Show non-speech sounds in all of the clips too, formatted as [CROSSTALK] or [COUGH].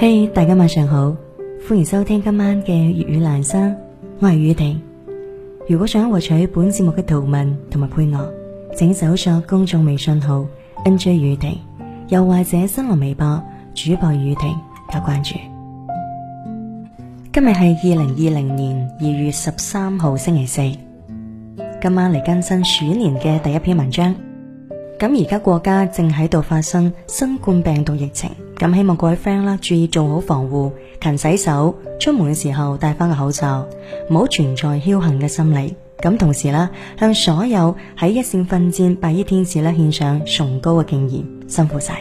嘿，hey, 大家晚上好，歡迎收聽今晚嘅粵語欄生，我係雨婷。如果想獲取本節目嘅圖文同埋配樂，請搜索公眾微信號 nj 雨婷，又或者新浪微博主播雨婷加關注。今日係二零二零年二月十三號星期四，今晚嚟更新鼠年嘅第一篇文章。咁而家國家正喺度發生新冠病毒疫情，咁希望各位 friend 啦注意做好防護，勤洗手，出門嘅時候戴翻個口罩，唔好存在僥幸嘅心理。咁同時啦，向所有喺一線奮戰白衣天使咧獻上崇高嘅敬意，辛苦晒。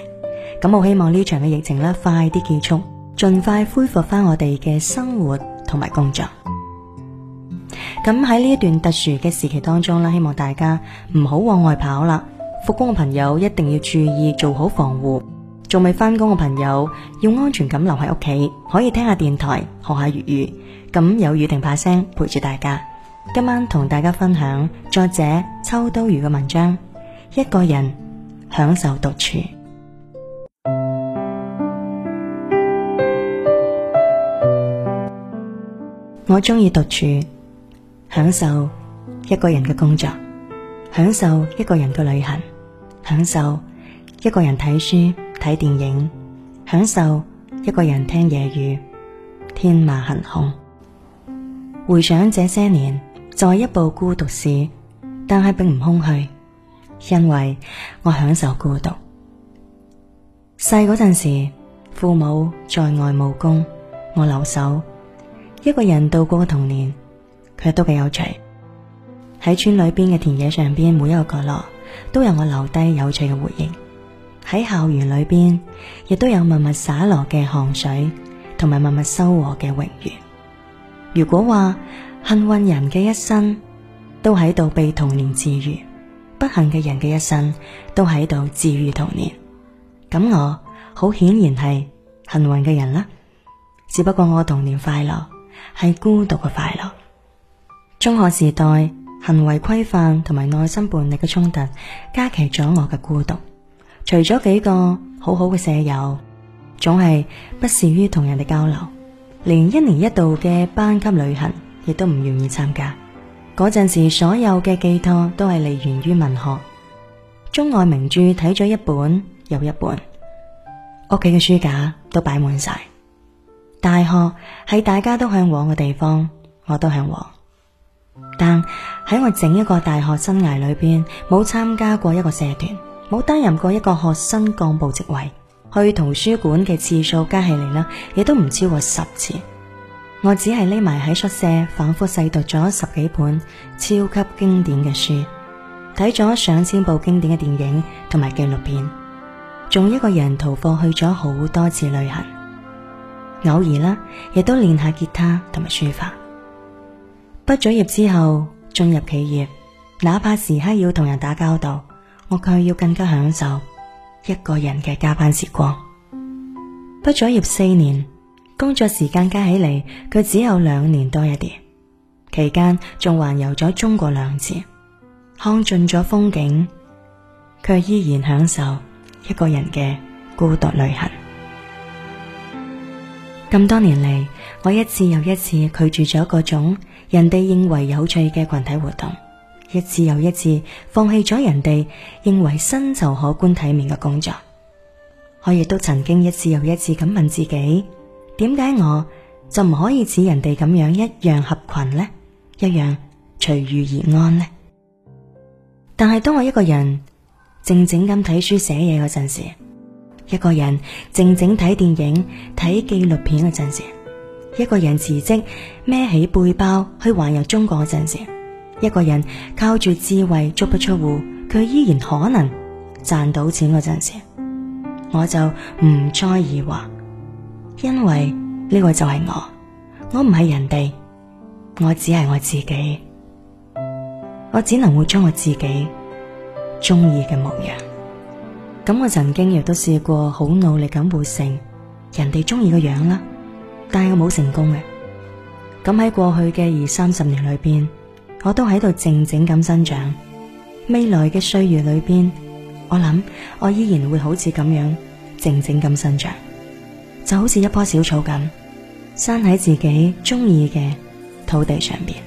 咁我希望呢場嘅疫情咧快啲結束，盡快恢復翻我哋嘅生活同埋工作。咁喺呢一段特殊嘅時期當中啦，希望大家唔好往外跑啦。復工嘅朋友一定要注意做好防護，仲未返工嘅朋友要安全咁留喺屋企，可以聽下電台，學下粵語。咁有雨停把聲陪住大家。今晚同大家分享作者秋刀魚嘅文章《一個人享受獨處》。 [MUSIC] 我中意獨處，享受一個人嘅工作。享受一個人嘅旅行，享受一個人睇書睇電影，享受一個人聽夜雨，天馬行空。回想這些年，在一部孤獨史，但係並唔空虛，因為我享受孤獨。細嗰陣時，父母在外務工，我留守，一個人度過嘅童年，佢都幾有趣。喺村裏邊嘅田野上邊，每一個角落都有我留低有趣嘅回憶。喺校園裏邊，亦都有默默灑落嘅汗水，同埋默默收穫嘅榮譽。如果話幸運人嘅一生都喺度被童年治愈，不幸嘅人嘅一生都喺度治愈童年，咁我好顯然係幸運嘅人啦。只不過我童年快樂係孤獨嘅快樂，中學時代，行為規範同埋內心叛逆嘅衝突，加劇咗我嘅孤獨。除咗幾個好好嘅舍友，總係不善於同人哋交流，連一年一度嘅班級旅行亦都唔願意參加。嗰陣時，所有嘅寄託都係嚟源於文學，中外名著睇咗一本又一本，屋企嘅書架都擺滿晒。大學係大家都嚮往嘅地方，我都嚮往。但喺我整一個大學生涯裏邊，冇參加過一個社團，冇擔任過一個學生幹部職位，去圖書館嘅次數加起嚟啦，亦都唔超過十次。我只係匿埋喺宿舍反復細讀咗十幾本超級經典嘅書，睇咗上千部經典嘅電影同埋紀錄片，仲一個人逃課去咗好多次旅行，偶爾啦，亦都練下吉他同埋書法。畢咗業之後，進入企業，哪怕時刻要同人打交道，我卻要更加享受一個人嘅加班時光。畢咗業四年，工作時間加起嚟，佢只有兩年多一啲，期間仲環遊咗中國兩次，看盡咗風景，卻依然享受一個人嘅孤獨旅行。咁多年嚟，我一次又一次拒絕咗各種。人哋認為有趣嘅群體活動，一次又一次放棄咗人哋認為薪酬可觀體面嘅工作。我亦都曾經一次又一次咁問自己：點解我就唔可以似人哋咁樣一樣合群呢？一樣隨遇而安呢？但係當我一個人靜靜咁睇書寫嘢嗰陣時，一個人靜靜睇電影睇紀錄片嗰陣時。一個人辭職，孭起背包去環遊中國嗰陣時，一個人靠住智慧足不出戶，佢依然可能賺到錢嗰陣時，我就唔再疑惑，因為呢個就係我，我唔係人哋，我只係我自己，我只能會將我自己中意嘅模樣。咁我曾經亦都試過好努力咁活成人哋中意嘅樣啦。但係我冇成功嘅，咁喺過去嘅二三十年裏邊，我都喺度靜靜咁生長。未來嘅歲月裏邊，我諗我依然會好似咁樣靜靜咁生長，就好似一棵小草咁，生喺自己中意嘅土地上邊。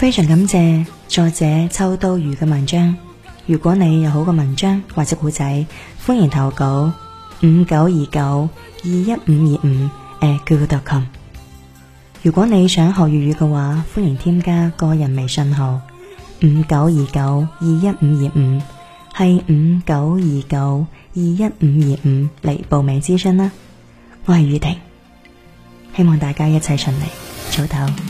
非常感謝作者秋刀魚嘅文章。如果你有好嘅文章或者古仔，歡迎投稿五九二九二一五二五。誒特 QQ 點 com。如果你想學粵語嘅話，歡迎添加個人微信號五九二九二一五二五，係五九二九二一五二五嚟報名諮詢啦。我係雨婷，希望大家一切順利，早唞。